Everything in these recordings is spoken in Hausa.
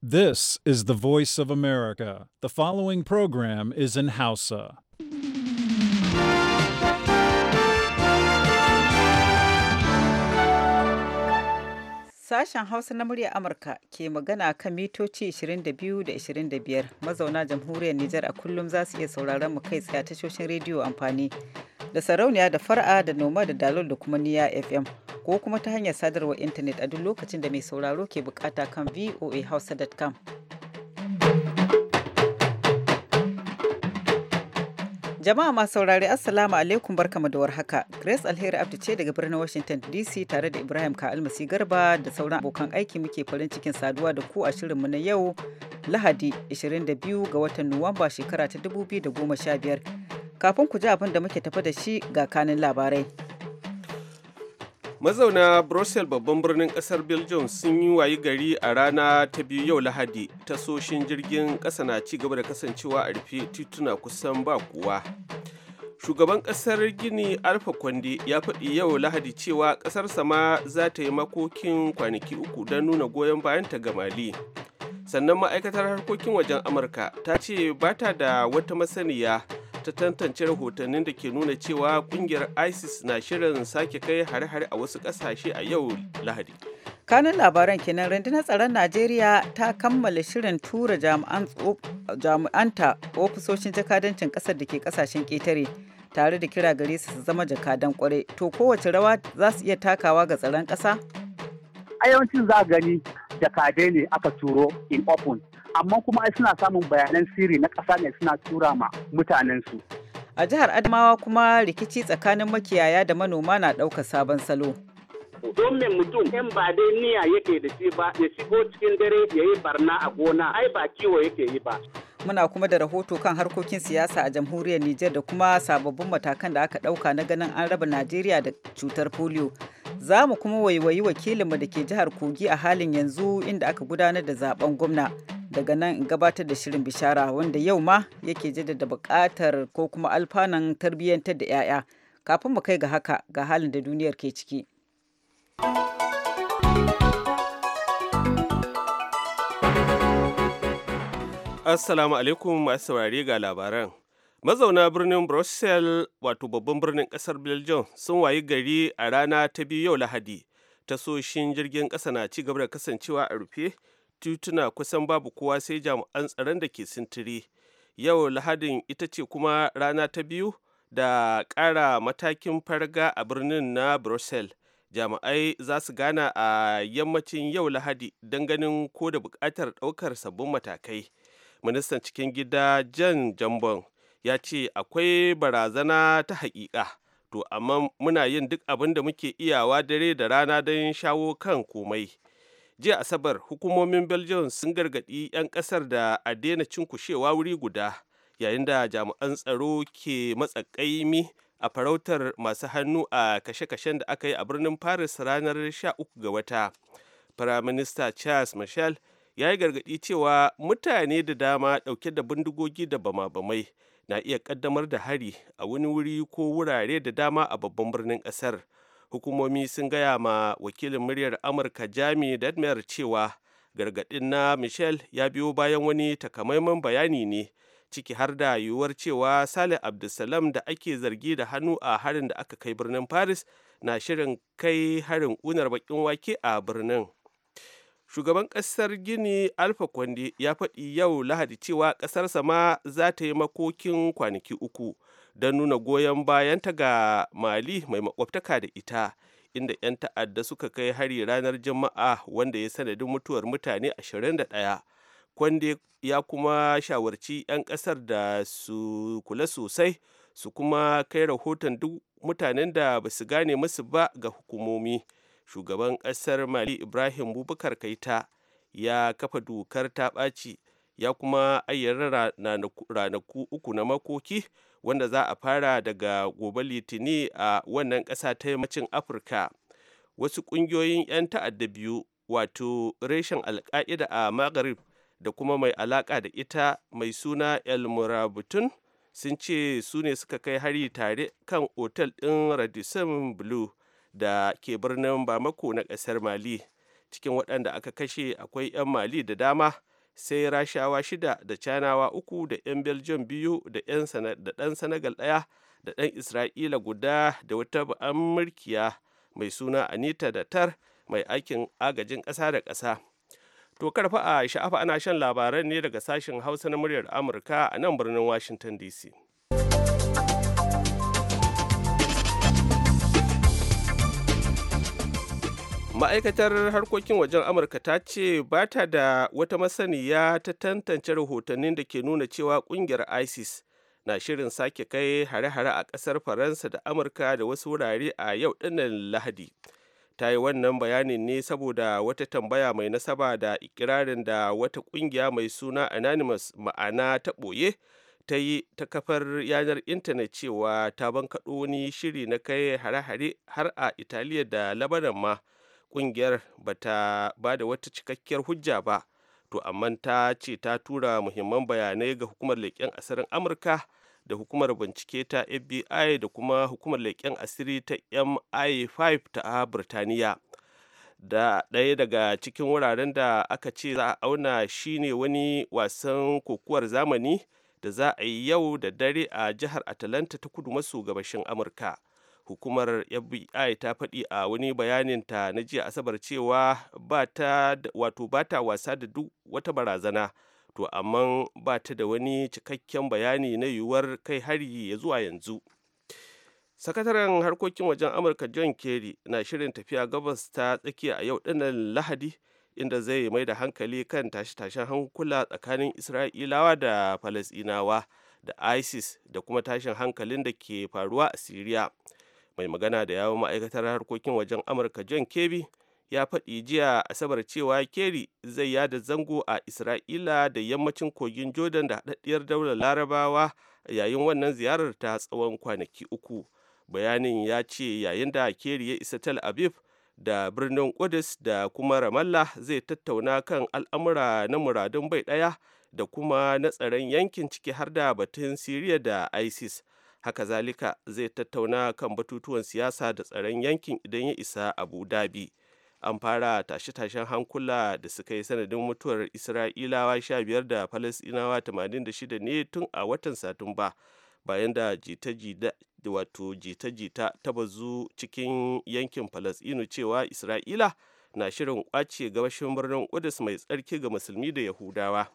This is the voice of America. The following program is in Hausa. Sashen Hausa na murya Amurka ke magana kan mitoci 22 da 25 mazauna jamhuriyar Nijar a kullum za su iya sauraron mu kai tsaye tashoshin rediyo amfani da sarauniya da fara da noma da dalol da kuma niya fm ko kuma ta hanyar sadarwar intanet a duk lokacin da mai sauraro ke bukata kan voahausa.com jama'a masu saurari assalamu alaikum barkamu da warhaka grace alheri abdu ce daga birnin washington dc tare da ibrahim ka almasi garba da sauran abokan aiki muke farin cikin saduwa da ku a shirinmu na yau lahadi 22 ga watan nuwamba shekara ta 2015 Kafin ku ji abin da muke tafi da shi ga kanin labarai. Mazauna Brussels babban birnin kasar Belgium sun yi wayi gari a rana ta biyu yau Lahadi tasoshin jirgin ƙasa na ci gaba da kasancewa a rufe tituna kusan ba kowa. Shugaban ƙasar Gini Alfa Kwande ya faɗi yau Lahadi cewa ƙasar sama za ta yi makokin kwanaki uku don nuna goyon bayanta ga Mali. Sannan ma'aikatar harkokin wajen Amurka ta ce ba ta da wata masaniya ta tantance rahotannin da ke nuna cewa kungiyar isis na shirin sake kai hare-hare a wasu kasashe a yau lahadi kanun labaran kenan rundunar tsaron najeriya ta kammala shirin tura jami'anta ofisoshin jakadancin kasar da ke kasashen ketare tare da kira gare su su zama jakadan kwarai to kowace rawa za su iya takawa ga tsaron ƙasa a yawancin za gani jakadai ne aka turo in open amma kuma ai suna samun bayanan sirri na ƙasa ne suna tura ma mutanensu. A jihar Adamawa kuma rikici tsakanin makiyaya da manoma na ɗaukar sabon salo. don me mutum yan ba dai niyya yake da shi ba ya shigo cikin dare ya yi barna a gona ai ba kiwo yake yi ba. Muna kuma da rahoto kan harkokin siyasa a jamhuriyar Nijar da kuma sababbin matakan da aka ɗauka na ganin an raba Najeriya da cutar polio. Za mu kuma waiwayi wakilinmu da ke jihar Kogi a halin yanzu inda aka gudanar da zaben gwamna. daga nan in gabatar da shirin bishara wanda yau ma yake jaddada buƙatar ko kuma alfanan tarbiyyantar da 'ya'ya kafin mu kai ga haka ga halin da duniyar ke ciki. Assalamu alaikum masu saurari ga labaran. Mazauna birnin Brussels wato babban birnin kasar Belgium sun wayi gari a rana ta biyu yau Lahadi. Tasoshin jirgin ƙasa na ci gaba da kasancewa a rufe tituna kusan babu kowa sai jami'an tsaron da ke sintiri yau lahadin ita ce kuma rana ta biyu da ƙara matakin farga a birnin na brussels jami'ai za su gana a yammacin yau lahadi don ganin ko da bukatar ɗaukar sabbin matakai ministan cikin gida jan jambon ya ce akwai barazana ta haƙiƙa to amma muna yin duk abin da muke iyawa dare da rana don shawo kan komai jiya asabar hukumomin belgium sun gargaɗi 'yan ƙasar da a daina cinkushewa wuri guda yayin da jami'an tsaro ke matsakaimi a farautar masu hannu a kashe-kashen da aka yi a birnin paris ranar 13 ga wata firaminista charles michel ya yi gargaɗi cewa mutane da dama ɗauke da bindigogi da bama-bamai na iya ƙaddamar da hari a wani wuri ko wurare da dama a babban birnin ƙasar hukumomi sun gaya ma wakilin muryar amurka jami dadmer cewa gargadin na michel ya biyo bayan wani takamaiman bayani ne ciki har da yiwuwar cewa saleh abdulsalam da ake zargi da hannu a harin da aka kai birnin paris na shirin kai harin unar bakin wake a birnin shugaban kasar gini alfa kwande ya faɗi yau lahadi cewa ƙasarsa ma za ta yi makokin kwanaki uku don nuna goyon bayanta ga mali mai makwabtaka da ita inda 'yan ta'adda suka kai hari ranar jama'a wanda ya sanadin mutuwar mutane 21 kwande ya kuma shawarci 'yan kasar da su kula sosai su kuma kai rahoton duk mutanen da ba su gane musu ba ga hukumomi shugaban kasar mali ibrahim bubakar kaita ya kafa dokar ta ɓaci ya kuma ayyana ranaku uku na makoki wanda za a fara daga gobe litini a wannan ƙasa ta yammacin afirka wasu ƙungiyoyin 'yan ta'adda biyu wato reshen alka'ida a maghrib da kuma mai alaƙa da ita mai suna el murabutun sun ce su ne suka kai hari tare kan otal ɗin radisson blue da ke birnin bamako na ƙasar mali cikin waɗanda aka kashe akwai 'yan mali da dama sai rashawa shida da canawa uku da 'yan belgium biyu da ɗan senegal ɗaya da ɗan isra'ila guda da wata ba'an mulkiya mai suna anita da tar mai aikin agajin ƙasa da ƙasa to karfa a sha'afa ana shan labaran ne daga sashen hausa na muryar amurka a nan birnin washington dc ma'aikatar harkokin wajen amurka ta ce ba ta da wata masaniya ta tantance rahotannin da ke nuna cewa kungiyar isis na shirin sake kai hare-hare a kasar faransa da amurka da wasu wurare a yau dinnan lahadi ta yi wannan bayanin ne saboda wata tambaya mai nasaba da ikirarin da wata kungiya mai suna anonymous ma'ana ta ɓoye ta yi ta kafar yanar intanet cewa ta bankaɗo wani shiri na kai hare-hare har a italiya da labaran ma kungiyar ba ta ba da wata cikakkiyar hujja ba to amma ta ce ta tura muhimman bayanai ga hukumar leƙen asirin amurka da hukumar bincike ta fbi da kuma hukumar leƙen asiri ta mi5 ta birtaniya da ɗaya daga cikin wuraren da aka ce za a auna shine wani wasan kokuwar zamani da za a yi yau da dare a jihar atalanta ta kudu maso gabashin amurka hukumar fbi ta faɗi a wani bayanin ta na jiya asabar cewa wato ba ta wasa da duk wata barazana to amma ba ta da wani cikakken bayani na yiwuwar kai hari ya zuwa yanzu sakataren harkokin wajen amurka john kerry na shirin tafiya gabas ta tsakiya a yau dinnan lahadi inda zai mai da hankali kan tashe-tashen hankula tsakanin isra'ilawa da falasinawa da isis da kuma tashin hankalin da ke faruwa a siriya mai magana da yawon ma'aikatar harkokin wajen amurka john kebi ya faɗi jiya asabar cewa keri zai yada zango a isra'ila da yammacin kogin jordan da haɗaɗɗiyar daular larabawa yayin wannan ziyarar ta tsawon kwanaki uku bayanin ya ce yayin da keri ya isa tel aviv da birnin Qudus da kuma ramallah zai tattauna kan al'amura na muradun bai ɗaya da kuma na tsaron yankin ciki har da batun siriya da isis haka zalika zai tattauna kan batutuwan siyasa da tsaron yankin idan ya isa abu dhabi an fara tashe-tashen hankula da suka yi sanadin mutuwar isra'ilawa sha biyar da falasinawa 86 ne tun a watan satumba bayan da jita-jita ta bazu cikin yankin falasinu cewa isra'ila na shirin kwace gabashin birnin kudus mai tsarki ga musulmi da yahudawa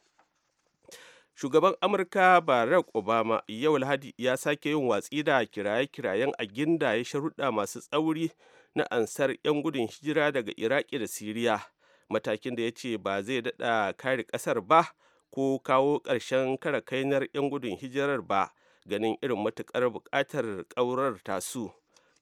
shugaban amurka barack obama yau lahadi ya sake yin watsi da kiraye-kirayen aginda ya sharuɗa masu tsauri na ansar 'yan gudun hijira daga iraki da siriya matakin da ya ce ba zai daɗa kare ƙasar ba ko kawo ƙarshen kare kainar 'yan gudun hijirar ba ganin irin matuƙar buƙatar ƙaurar tasu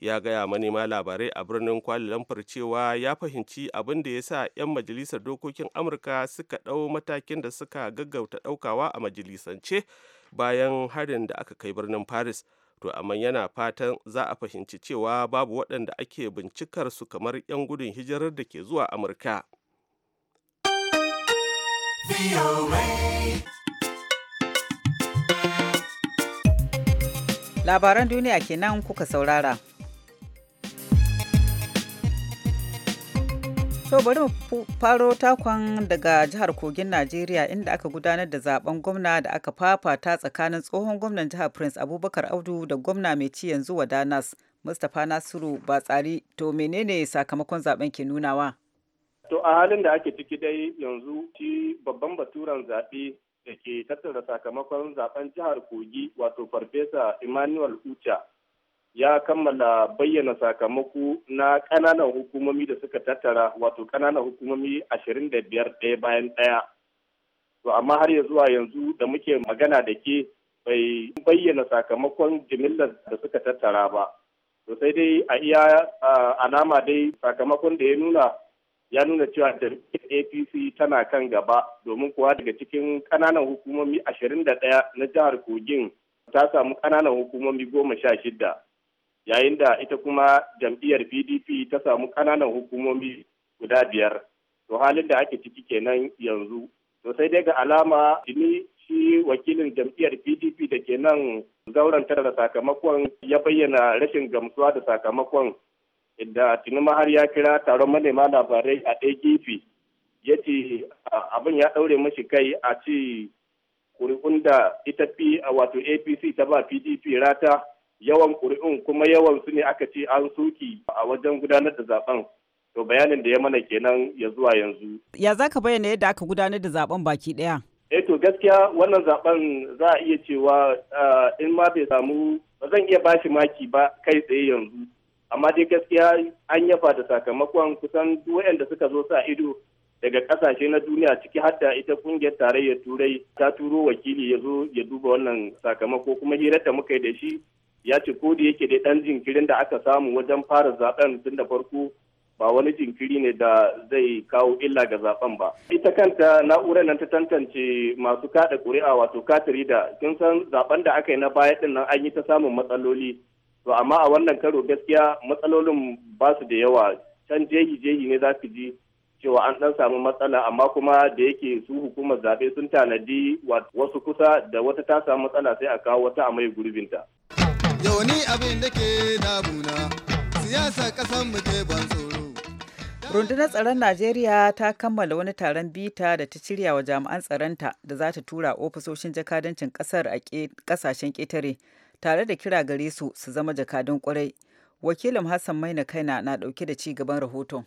ya gaya manema labarai a birnin kwali lamfar cewa ya fahimci abin da ya sa 'yan majalisar dokokin amurka suka ɗau matakin da suka gaggauta ɗaukawa a majalisance bayan harin da aka kai birnin paris to amma yana fatan za a fahimci cewa babu waɗanda ake bincikar su kamar 'yan gudun hijirar da ke zuwa amurka labaran duniya kenan kuka saurara so bari mu faro takon daga jihar Kogin Najeriya inda aka gudanar da zaben gwamna da aka fafata tsakanin tsohon gwamnan jihar Prince Abubakar Audu da gwamna mai ci yanzu Wadanas Mustapha Nasiru Batsari. To menene sakamakon zaben ke nunawa? To a halin da ake ciki dai yanzu ci babban baturen zaɓe da ke tattara sakamakon zaben jihar Kogi wato Farfesa Emmanuel Ucha ya kammala bayyana sakamako na ƙananan hukumomi da suka tattara wato ƙananan hukumomi ashirin da biyar ɗaya bayan ɗaya to amma har ya zuwa yanzu da muke magana da ke bai bayyana sakamakon jimillar da suka tattara ba to sai dai a iya alama dai sakamakon da ya nuna ya nuna cewa da apc tana kan gaba domin kuwa daga cikin ƙananan hukumomi ashirin da ɗaya na jihar kogin ta samu ƙananan hukumomi goma sha shida yayin da ita kuma jam'iyyar pdp ta samu ƙananan hukumomi guda biyar to halin da ake ciki kenan yanzu to sai dai ga alama ni shi wakilin jam'iyyar pdp da ke nan zauren tara da sakamakon ya bayyana rashin gamsuwa da sakamakon inda tinima har ya kira taron manema labarai a ɗaya gefe ya ce abin ya ɗaure mashi kai a ce kuri'un da ita fi wato apc ta ba pdp rata yawan ƙuri'un kuma yawan su ne aka ce an suki a wajen gudanar da zaben to bayanin da ya mana kenan ya zuwa yanzu ya zaka bayyana yadda aka gudanar da zaben baki ɗaya eh to gaskiya wannan zaben za a iya cewa eh, in ma bai samu ba zan iya bashi maki ba kai tsaye yanzu amma dai gaskiya an yaba da sakamakon kusan waɗanda suka zo sa ido daga kasashe na duniya ciki hatta ita kungiyar tarayyar turai ta turo wakili ya zo ya duba wannan sakamako kuma hirar da muka yi da shi ya ce ko da yake dai dan jinkirin da aka samu wajen fara zaben tun da farko ba wani jinkiri ne da zai kawo illa ga zaben ba ita kanta na'urar nan ta tantance masu kada ƙuri'a wato katiri da kin san zaben da aka yi na baya din nan an yi ta samun matsaloli to amma a wannan karo gaskiya matsalolin ba su da yawa can jehi jehi ne za su ji cewa an dan samu matsala amma kuma da yake su hukumar zaɓe sun tanadi wasu kusa da wata ta samu matsala sai a kawo wata a mai gurbinta. yau ni abin da ke damuna siyasa kasan mu ke ban tsoro rundunar tsaron najeriya ta kammala wani taron bita da ta shirya wa jami'an tsaronta da za ta tura ofisoshin jakadancin kasar a kasashen ƙetare tare da kira gare su su zama jakadun ƙwarai, wakilin hassan maina kaina na ɗauke da ci gaban rahoton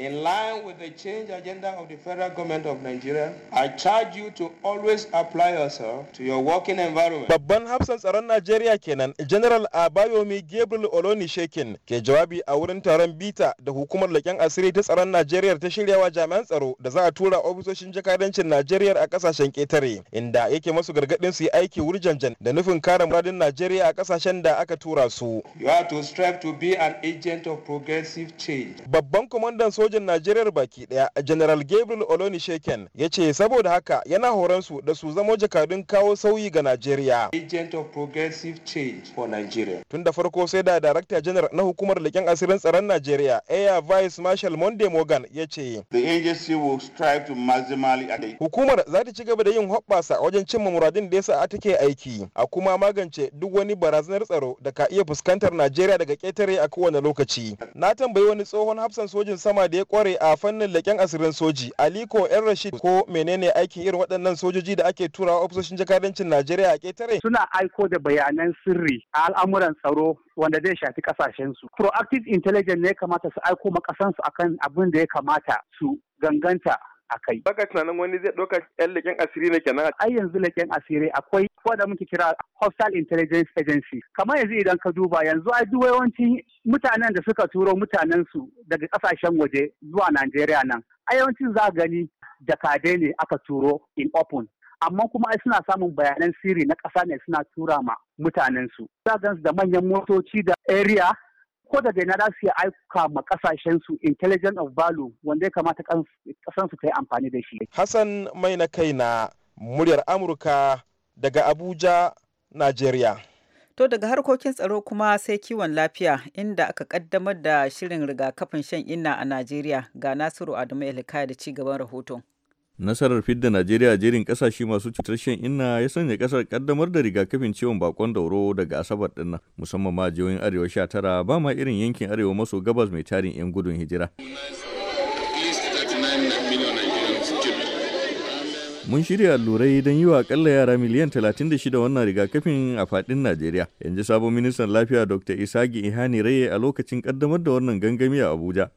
In line with the change agenda of the federal government of Nigeria, I charge you to always apply yourself to your working environment. Babban hafsan tsaron Najeriya kenan General Abayomi Gabriel Oloni Shekin ke jawabi a wurin taron bita da hukumar laƙen asiri ta tsaron Najeriya ta shiryawa jami'an tsaro da za a tura ofisoshin jakadancin Najeriya a kasashen ƙetare inda yake masu gargaɗin su yi aiki wurjanjan da nufin kare muradin Najeriya a kasashen da aka tura su. You have to strive to be an agent of progressive change. Babban kwamandan soja sojan Najeriya baki daya General Gabriel Oloni Sheken ya ce saboda haka yana horon su da su zamo jakadun kawo sauyi ga Najeriya. Agent of progressive change for Nigeria. Tun da farko sai da Director General na hukumar leken asirin tsaron Najeriya Air Vice Marshal Monday Morgan ya ce. The agency will strive to maximally Hukumar za ta ci gaba da yin hoɓɓasa wajen cimma muradin da yasa take aiki a kuma magance duk wani barazanar tsaro da ka iya fuskantar Najeriya daga ketare a kowane lokaci. Na tambayi wani tsohon hafsan sojin sama da ya kware a fannin leƙen asirin soji aliko yan rashid ko menene aikin irin waɗannan sojoji da ake turawa ofisoshin jakadancin najeriya a ƙetare suna aiko da bayanan sirri a al'amuran tsaro wanda zai shafi kasashen su proactive intelligence ne kamata su aiko ma kasansu akan abin da ya kamata su ganganta a kai. Baka tunanin wani zai ɗauka yan leƙen asiri ne kenan. Ai yanzu leƙen asiri akwai ko da muke kira Hostile Intelligence Agency. Kamar yanzu idan ka duba yanzu ai duk yawancin mutanen da suka turo mutanen su daga ƙasashen waje zuwa Najeriya nan. A yawancin za gani jakadai ne aka turo in open. amma kuma ai suna samun bayanan sirri na ƙasa ne suna tura ma mutanen su. Za da manyan motoci da area ko da na za su yi aika ma kasashen su intelligent of value wanda ya kamata kasan su ta amfani da shi. Hassan mai na kai na muryar Amurka daga Abuja, Najeriya. To daga harkokin tsaro kuma sai kiwon lafiya inda aka kaddamar da shirin rigakafin shan inna a Najeriya ga Nasiru Adamu Elika da ci gaban rahoton. Nasarar fidda Najeriya jerin kasashe masu cutar shan inna ya sanya kasar kaddamar da rigakafin ciwon bakon dauro daga Asabar din nan, musamman ma jihohin Arewa sha tara ba ma irin yankin Arewa maso gabas mai tarin 'yan gudun hijira. Mun shirya allurai don yi wa akalla yara miliyan 36 wannan rigakafin a fadin Najeriya. Yanzu sabon ministan lafiya Dr. Isagi Ihani Raye a lokacin kaddamar da wannan gangami a Abuja.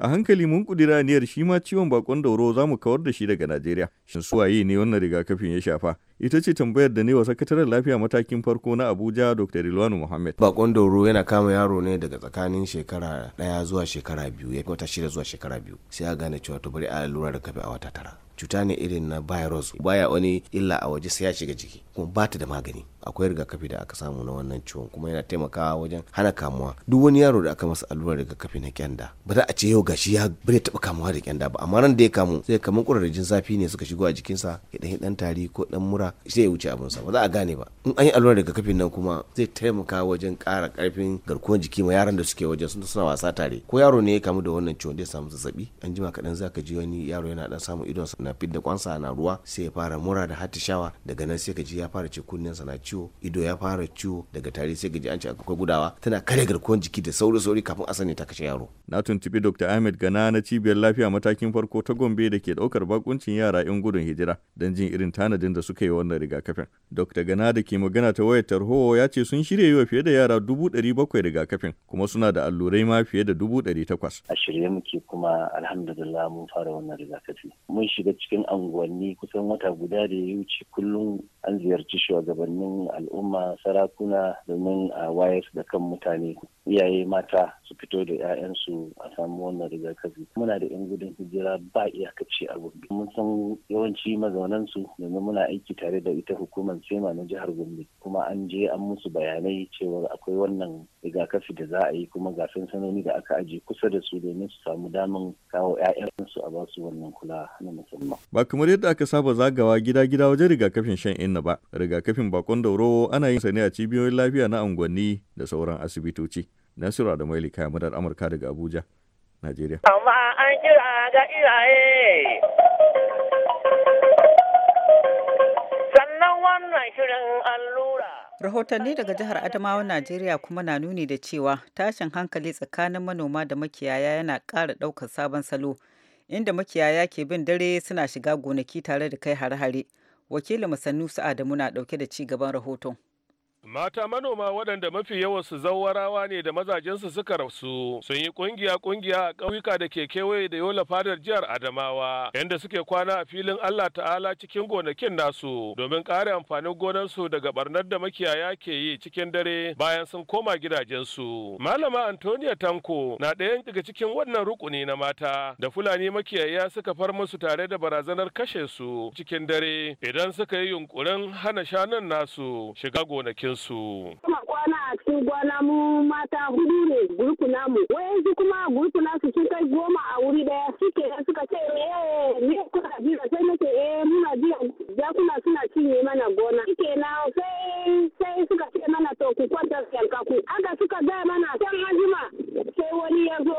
A hankali mun kudira aniyar shi ma ciwon bakon dauro za mu kawar da shi daga Najeriya. Shin suwaye ne wannan rigakafin ya shafa? ita ce tambayar da ne wa sakataren lafiya matakin farko na abuja dr rilwanu muhammad bakon dauro yana kama yaro ne daga tsakanin shekara daya zuwa shekara biyu ya wata shida zuwa shekara biyu sai a gane cewa to bari a lura da kafi a wata tara cuta ne irin na virus baya wani illa a waje sai ya shiga jiki kuma ba ta da magani akwai rigakafi da aka samu na wannan ciwon kuma yana taimakawa wajen hana kamuwa duk wani yaro da aka masa allurar rigakafi na kyanda ba za a ce yau gashi ya bai taba kamuwa da kyanda ba amma ran da ya kamu sai kamar kurarrajin zafi ne suka shigo a jikinsa ya dan tari ko dan mura allura sai ya wuce sa ba za a gane ba in an yi allura daga kafin nan kuma zai taimaka wajen kara karfin garkuwar jiki ma yaran da suke wajen sun suna wasa tare ko yaro ne ya kamu da wannan ciwon zai samu zazzabi an jima kaɗan za ka ji wani yaro yana dan samun idon na fidda kwansa na ruwa sai ya fara mura da hatishawa daga nan sai ka ji ya fara ce kunnensa na ciwo ido ya fara ciwo daga tare sai ka ji an ce akwai gudawa tana kare garkuwar jiki da sauri sauri kafin a sani ta kashe yaro na tuntubi dr ahmed gana na cibiyar lafiya matakin farko ta gombe da ke daukar bakuncin yara yan gudun hijira don jin irin tanadin da suka yi wannan rigakafin. dokta Gana da ke magana ta wayar tarho ya ce sun shirya yi wa fiye da yara dubu ɗari bakwai rigakafin kuma suna da allurai ma fiye da dubu ɗari takwas. A shirye muke kuma alhamdulillah mun fara wannan rigakafi. Mun shiga cikin anguwanni kusan wata guda da ya wuce kullum an ziyarci shugabannin al'umma sarakuna domin a wayar da kan mutane iyaye mata su fito da 'ya'yansu a samu wannan rigakafi muna da 'yan gudun hijira ba iyakaci a gobe mun san yawanci mazaunan su domin muna aiki tare tare da ita hukumar sema na jihar gombe kuma an je an musu bayanai cewa akwai wannan rigakafi da za a yi kuma ga sansanoni da aka aje kusa da su domin su samu damin kawo 'ya'yansu a basu wannan kula na musamman ba kamar yadda aka saba zagawa gida gida wajen rigakafin shan inna ba rigakafin bakon dauro ana yin sa ne a cibiyoyin lafiya na unguwanni da sauran asibitoci nasiru adamaili kayan madar amurka daga abuja najeriya amma Rahotanni daga jihar Adamawa Najeriya kuma na nuni da cewa tashin hankali tsakanin manoma da makiyaya yana ƙara ɗaukar sabon salo, inda makiyaya ke bin dare suna shiga gonaki tare da kai hare-hare. Wakilin Masannu Sa'adamu na ɗauke da ci gaban rahoton. Mata manoma waɗanda mafi su zawarawa ne da mazajensu suka rasu sun yi ƙungiya-ƙungiya a ƙauyuka da ke kewaye da yola fadar jihar Adamawa yadda suke kwana a filin Allah ta'ala cikin gonakin nasu domin ƙare amfanin gonarsu daga barnar da makiyaya ke yi cikin dare bayan sun koma gidajensu. Malama Antonia Tanko na ɗayan daga cikin wannan rukuni na mata da Fulani makiyaya suka far musu tare da barazanar kashe su cikin dare idan suka yi yunƙurin hana shanun nasu shiga gonakin su namu mata hudu ne namu wayansu kuma gurupu nasu sun kai goma a wuri daya suke suka ce me eh, me kuna jira sai nace eh muna jira kuna suna cinye mana gona suke na sai sai suka ce mana to ku kwanta ku haka suka gaya mana can hajima sai wani ya zo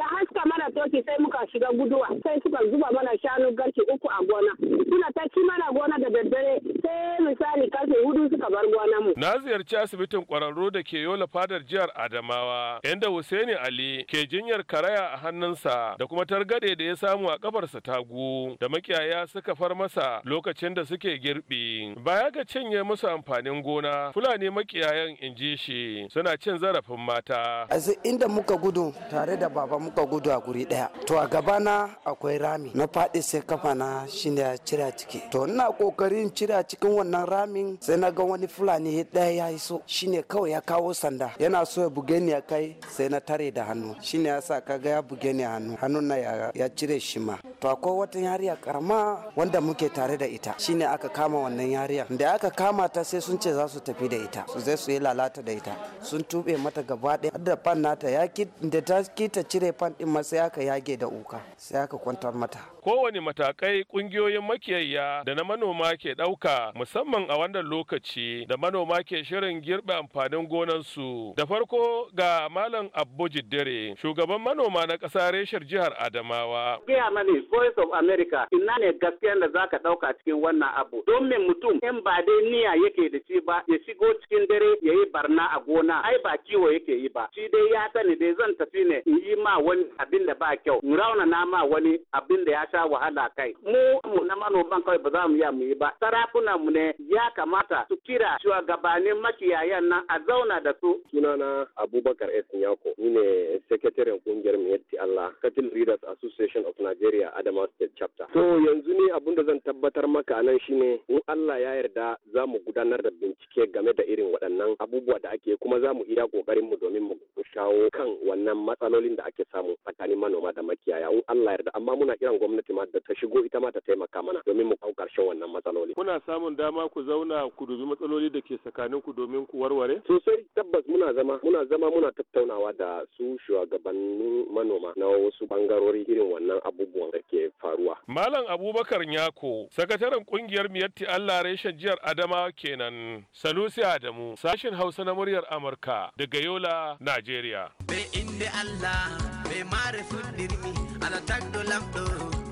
ya haska mana toki sai muka shiga guduwa sai suka zuba mana shanu garke uku a gona suna ta ci mana gona da daddare sai misali karfe hudu suka bar gona mu na ziyarci asibitin kwararro da ke yola fadar jihar adamawa inda Hussaini ali ke jinyar karaya a hannunsa da kuma targade da ya samu a kafarsa tagu da makiyaya suka far masa lokacin da suke girbi baya ga cinye musu amfanin gona fulani makiyayan in ji shi suna cin zarafin mata inda muka gudu tare da baba muka gudu a guri daya to a gaba na akwai rami na faɗi sai kafa na shine a cire ciki to ina kokarin cira cikin wannan ramin sai na ga wani fulani ɗaya ya iso shine kawai ya kawo sanda yana so ya buge ni ya kai sai na tare da hannu shine yasa ga ya buge ni hannu hannun na ya cire shi ma to akwai wata yariya karama wanda muke tare da ita shine aka kama wannan yariya da aka kama ta sai sun ce za su tafi da ita su zai su yi lalata da ita sun tube mata gaba ɗaya da fan nata ya ki da ta ta cire fan ɗin ma sai aka yage da uka sai aka kwantar mata kowane matakai ƙungiyoyin makiyaya da na manoma ke ɗauka musamman a wannan lokaci da manoma ke shirin girbe amfanin gonansu. Da farko ga Malam Abbo Jiddere, shugaban manoma na ƙasa reshar jihar Adamawa. Gaya mani Voice of America, ina ne gaskiya da za ka ɗauka cikin wannan abu. Don me mutum in ba dai niyya yake da shi ba ya shigo cikin dare ya yi barna a gona, ai ba kiwo yake yi ba. Shi dai ya sani dai zan tafi ne in yi ma wani abin da ba kyau, in raunana ma wani abin da ya ta wahala kai mu mu na manoman kawai ba za mu ya mu yi ba sarakuna mu ne ya kamata su kira shugabannin makiyayan nan a zauna da su sunana Abubakar S Nyako ni ne sakataren kungiyar Miyatti Allah Cattle readers Association of Nigeria adama State Chapter to yanzu ne abun da zan tabbatar maka nan shine in Allah ya yarda za mu gudanar da bincike game da irin waɗannan abubuwa da ake kuma za mu iya kokarin mu domin mu shawo kan wannan matsalolin da ake samu tsakanin manoma da makiyaya in Allah yarda amma muna kiran gwamnati gwamnati ma da ta shigo ita ma ta taimaka mana domin mu kawo ƙarshen wannan matsaloli. Kuna samun dama ku zauna ku dubi matsaloli da ke tsakanin ku domin ku warware? Sosai tabbas muna zama muna zama muna tattaunawa da su shugabannin manoma na wasu bangarori irin wannan abubuwan da ke faruwa. Malam Abubakar Nyako, sakataren kungiyar Miyatti Allah reshen jihar Adama kenan. Sanusi Adamu, sashin Hausa na muryar Amurka daga Yola, Najeriya. Be inda Allah, be mare fudirmi, ala tagdo lamdo.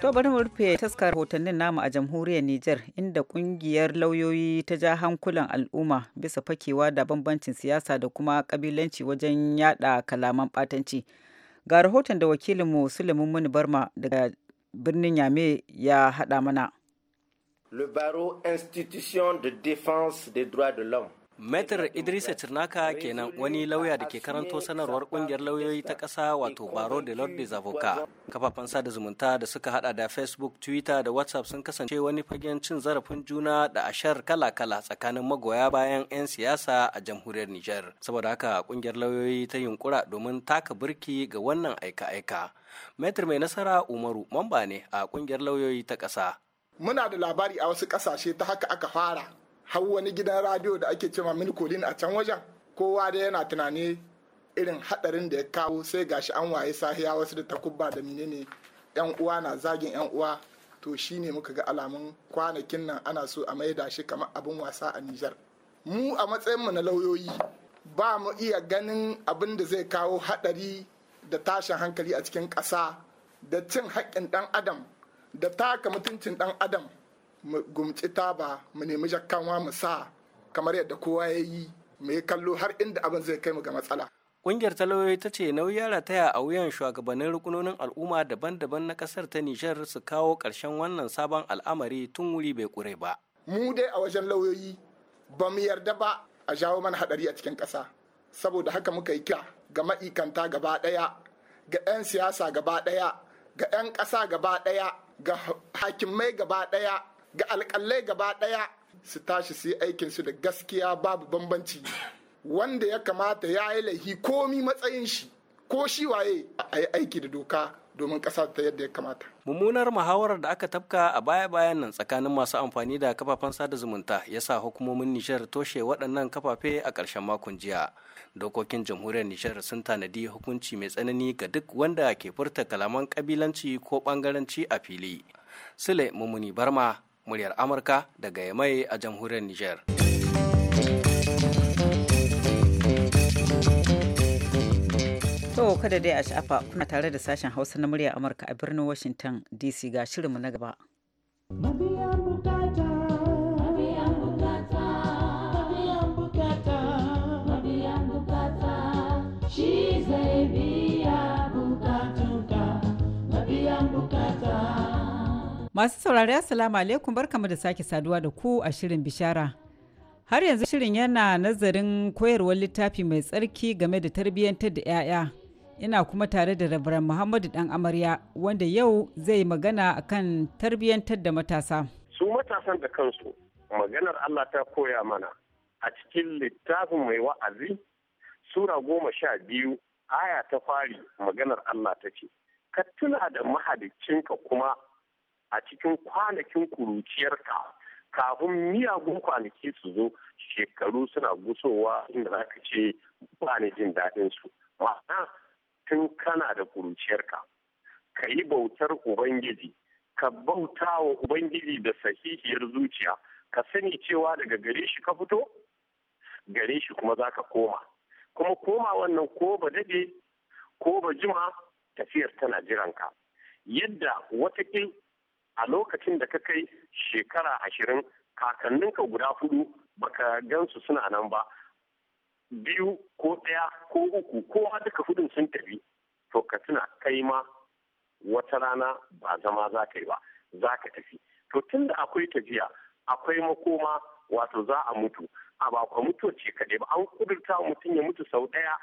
To bari mu rufe taskar hotonnin namu a jamhuriyar Nijar inda kungiyar lauyoyi ta ja hankulan al'umma bisa fakewa da bambancin siyasa da kuma kabilanci wajen yada kalaman batanci. Ga rahoton da wakilinmu Suleiman Muni Barma daga birnin Yame ya hada mana. Le barreau institution de défense des droits de l'homme Metar Idris Cirnaka kenan wani lauya da ke karanto sanarwar kungiyar lauyoyi ta ƙasa wato Baro de Lord de Zavoka. Kafafen sada zumunta da suka hada da Facebook, Twitter da WhatsApp sun kasance wani fagen cin zarafin juna da ashar kala-kala tsakanin magoya bayan 'yan siyasa a jamhuriyar Nijar. Saboda haka kungiyar lauyoyi ta yunkura domin taka birki ga wannan aika-aika. Metar mai nasara Umaru mamba ne a kungiyar lauyoyi ta ƙasa. Muna da labari a wasu ƙasashe ta haka aka fara har wani gidan radio da ake cewa mini a can wajen kowa da yana tunani irin hadarin da ya kawo sai gashi an waye sahiya wasu da takubba da menene yan uwa na zagin yan uwa to shine muka ga alamun kwanakin nan ana so a maida shi kamar abin wasa a Nijar mu a matsayin mu na lauyoyi ba mu iya ganin abin da zai kawo hadari da tashin hankali a cikin ƙasa da cin haƙƙin ɗan adam da taka mutuncin ɗan adam mu gumci taba mu nemi jakkanwa mu sa kamar yadda kowa ya yi mu yi kallo har inda abin zai kai mu ga matsala Ƙungiyar talauyoyi ta ce nauyi ya rataya a wuyan shugabannin rukunonin al'umma daban-daban na ƙasar ta Nijar su kawo ƙarshen wannan sabon al'amari tun wuri bai ƙure ba. Mu dai a wajen lauyoyi ba mu yarda ba a jawo mana haɗari a cikin ƙasa. Saboda haka muka yi kya ga ma'ikanta gaba ɗaya, ga 'yan siyasa gaba ɗaya, ga 'yan ƙasa gaba ɗaya, ga hakimai gaba ɗaya, ga alƙalai gaba ɗaya su tashi su yi su da gaskiya babu bambanci wanda ya kamata ya yi laihi komi matsayin shi ko shi waye a yi aiki da doka domin ƙasa ta yadda ya kamata. Mummunar muhawarar da aka tafka a baya-bayan nan tsakanin masu amfani da kafafen sada zumunta ya sa hukumomin Nijar toshe waɗannan kafafe a ƙarshen makon jiya. Dokokin jamhuriyar Nijar sun tanadi hukunci mai tsanani ga duk wanda ke furta kalaman kabilanci ko ɓangaranci a fili. Sule Mumuni Barma, muryar Amurka daga Yamai a jamhuriyar niger. To kada dai a sha'afa kuna tare da sashen Hausa na muryar Amurka a birnin Washington DC ga shirinmu na gaba. Okay. Masu saurari Assalamu alaikum barkamu da sake saduwa da ku a shirin bishara. Har yanzu shirin yana nazarin koyarwar littafi mai tsarki game da tarbiyyantar da 'ya'ya. Ina kuma tare da rabaran Muhammadu Dan Amarya wanda yau zai magana a kan tarbiyyantar da matasa. Su matasan da kansu maganar Allah ta koya mana a cikin littafin mai wa'azi Sura goma sha biyu aya ta fari maganar Allah ta ce, Ka tuna da mahaliccinka kuma a cikin kwanakin kuruciyarka kafin miyagun kwanaki su zo shekaru suna gusowa inda za ka ce ba ni jin daɗin su ma'ana tun kana da kuruciyarka ka yi bautar ubangiji ka bauta wa ubangiji da sahihiyar zuciya ka sani cewa daga gare shi ka fito gare shi kuma za ka koma kuma koma wannan ko ba dade ko ba jima tafiyar tana jiranka yadda wataƙil a lokacin da ka kai shekara ashirin kakanninka guda hudu baka gansu suna nan ba biyu ko ɗaya ko uku kowa duka hudun sun tafi to ka tuna kai ma wata rana ba zama za ka yi ba za ka tafi to tun da akwai tafiya akwai makoma wato za a mutu a ba kwa ce kaɗai ba an kudurta mutum ya mutu sau ɗaya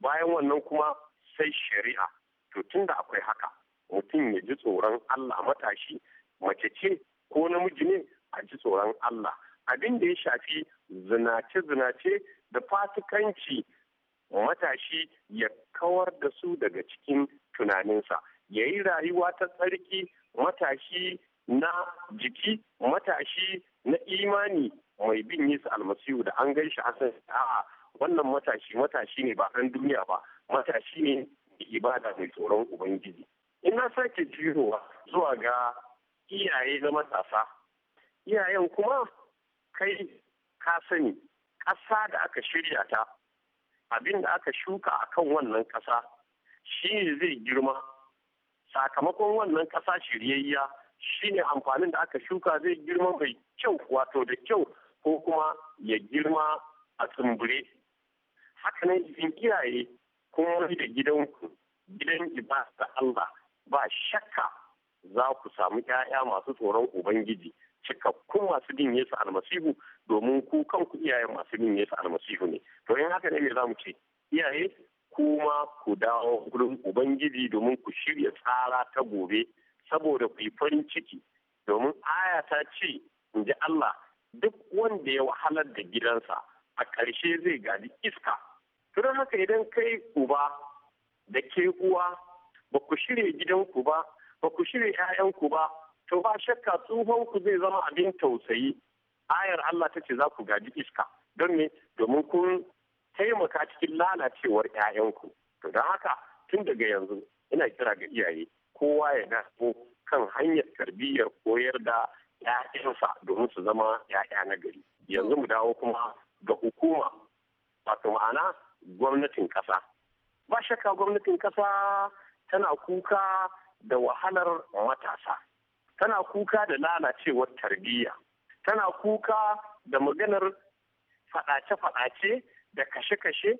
bayan wannan kuma sai shari'a to tun da akwai haka mutum ya ji tsoron Allah matashi mace ce ko namiji ne a ji tsoron Allah abin da ya shafi zinace-zinace da fasikanci matashi ya kawar da su daga cikin tunaninsa ya yi rayuwa ta tsarki matashi na jiki matashi na imani mai bin yi almasihu da an gaishe a san a'a wannan matashi matashi ne ba ɗan duniya ba matashi ne ibada mai tsoron ubangiji in na sake jirowa zuwa ga iyaye na matasa iyayen kuma kai ka sani ƙasa da aka shirya ta abin da aka shuka a kan wannan ƙasa shi ne zai girma sakamakon wannan ƙasa shiryayya shi ne amfanin da aka shuka zai girma mai kyau wato da kyau ko kuma ya girma a tsumbure hakanan iyaye kuma da gidan gidan ibada Allah ba shakka za ku samu 'ya'ya masu tsoron ubangiji cikakkun masu bin yesu almasihu domin ku kanku iyaye masu bin yesu almasihu ne to in haka ne me za mu ce iyaye kuma ku dawo gurin ubangiji domin ku shirya tsara ta gobe saboda ku yi farin ciki domin aya ta ce in ji Allah duk wanda ya wahalar da gidansa a ƙarshe zai gadi iska. Tunan haka idan kai uba da ke uwa ba ku shirya gidanku ba ba ku shirya 'ya'yanku ba to ba shakka tsohonku zai zama abin tausayi ayar Allah ta ce za ku gaji iska don me domin kun taimaka cikin lalacewar 'ya'yanku to don haka tun daga yanzu ina kira ga iyaye kowa ya dawo kan hanyar tarbiyyar koyar da 'ya'yansa domin su zama 'ya'ya na gari yanzu mu dawo kuma ga hukuma wato ma'ana gwamnatin ƙasa ba shakka gwamnatin ƙasa tana kuka da wahalar matasa tana kuka da lalacewar tarbiyya tana kuka da maganar faɗace-faɗace da kashe-kashe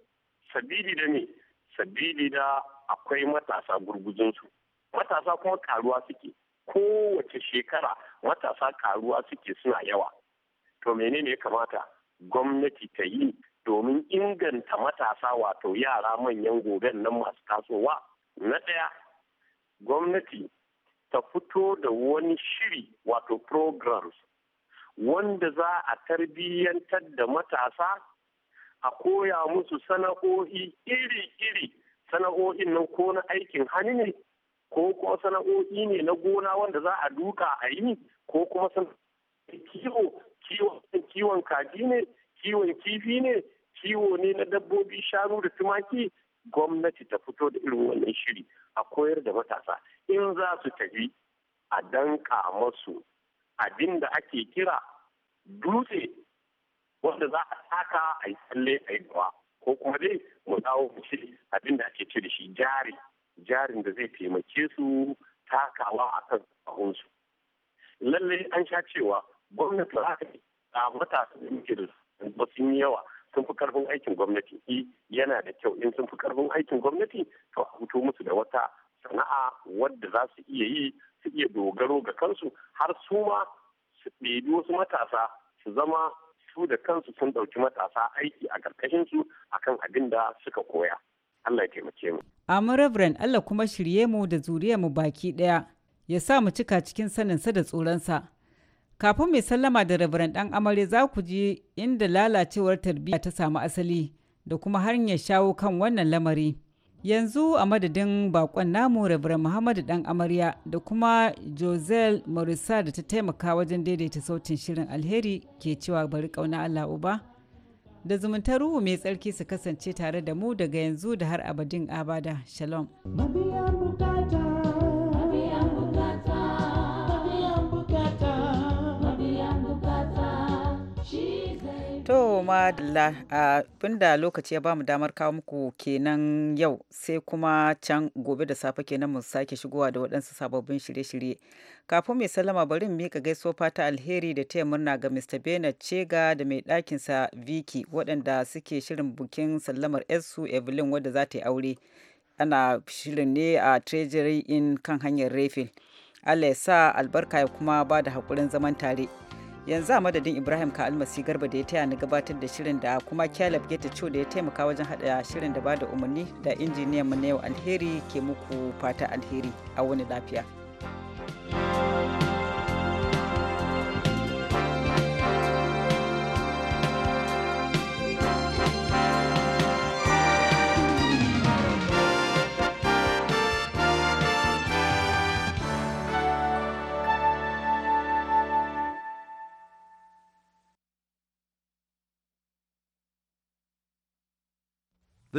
sabili da me sabili da akwai matasa gurguzinsu matasa kuma karuwa suke kowace shekara matasa karuwa suke suna yawa to menene ya kamata gwamnati ta yi domin inganta matasa wato yara manyan goben nan masu tasowa na ɗaya gwamnati ta fito da wani shiri wato programs wanda za a tarbiyyantar da matasa a koya musu sana'o'i iri-iri sana'o'in nan ko na aikin hannu ne ko kuma sana'o'i ne na gona wanda za a duka a yi ko kuma kiwo kiwon kaji ne kiwon kifi ne kiwo ne na dabbobi shanu da tumaki gwamnati ta fito da irin wannan shiri a koyar da matasa in za su tafi a danka masu abin da ake kira dutse wanda za a taka a yi tsalle a yi dawa ko kuma dai mu dawo mu ce abin da ake ce da shi jari jarin da zai taimake su takawa a kan ahunsu Lallai an sha cewa gwamnati za ta yi a matasa da muke da sun yawa sun fi karfin aikin gwamnati yana da kyau in sun fi karfin aikin gwamnati to a hutu musu da wata sana'a wadda za su iya yi su iya dogaro ga kansu har su ma su ɗebi wasu matasa su zama su da kansu sun ɗauki matasa aiki a ƙarƙashin su akan abin da suka koya Allah ya taimake mu amma Reverend Allah kuma shirye mu da zuriyar mu baki ɗaya ya sa mu cika cikin saninsa da tsoronsa. Kafin mai sallama da rabaran dan amare za ku ji inda lalacewar tarbiyya ta samu asali da kuma hanyar shawo kan wannan lamari. Yanzu a madadin bakon namu rabaran Muhammadu dan amarya da kuma Josel Marisa da ta taimaka wajen daidaita sautin shirin alheri ke cewa bari kauna Allah Uba. da zumuntar ruhu mai tsarki su kasance tare da mu daga yanzu da har abadin abada shalom. To ma da lokaci ya ba mu damar kawo muku kenan yau sai kuma can gobe da safe kenan mu sake shigowa da waɗansu sababbin shirye-shirye. Kafin mai sallama bari mu mika gaisuwa fata alheri da taya murna ga Mr. Bernard Chega da mai ɗakinsa Vicky waɗanda suke shirin bukin sallamar su Evelyn wadda za ta yi aure. Ana shirin ne a Treasury in kan hanyar Refil. Allah ya sa albarka ya kuma ba da haƙurin zaman tare. yanzu a madadin ibrahim ka almasi garba da ya taya ni gabatar da shirin da kuma caleb geta cho da ya taimaka wajen haɗa shirin da bada umarni da injiniyan mu na yau alheri ke muku fata alheri a wani lafiya thank you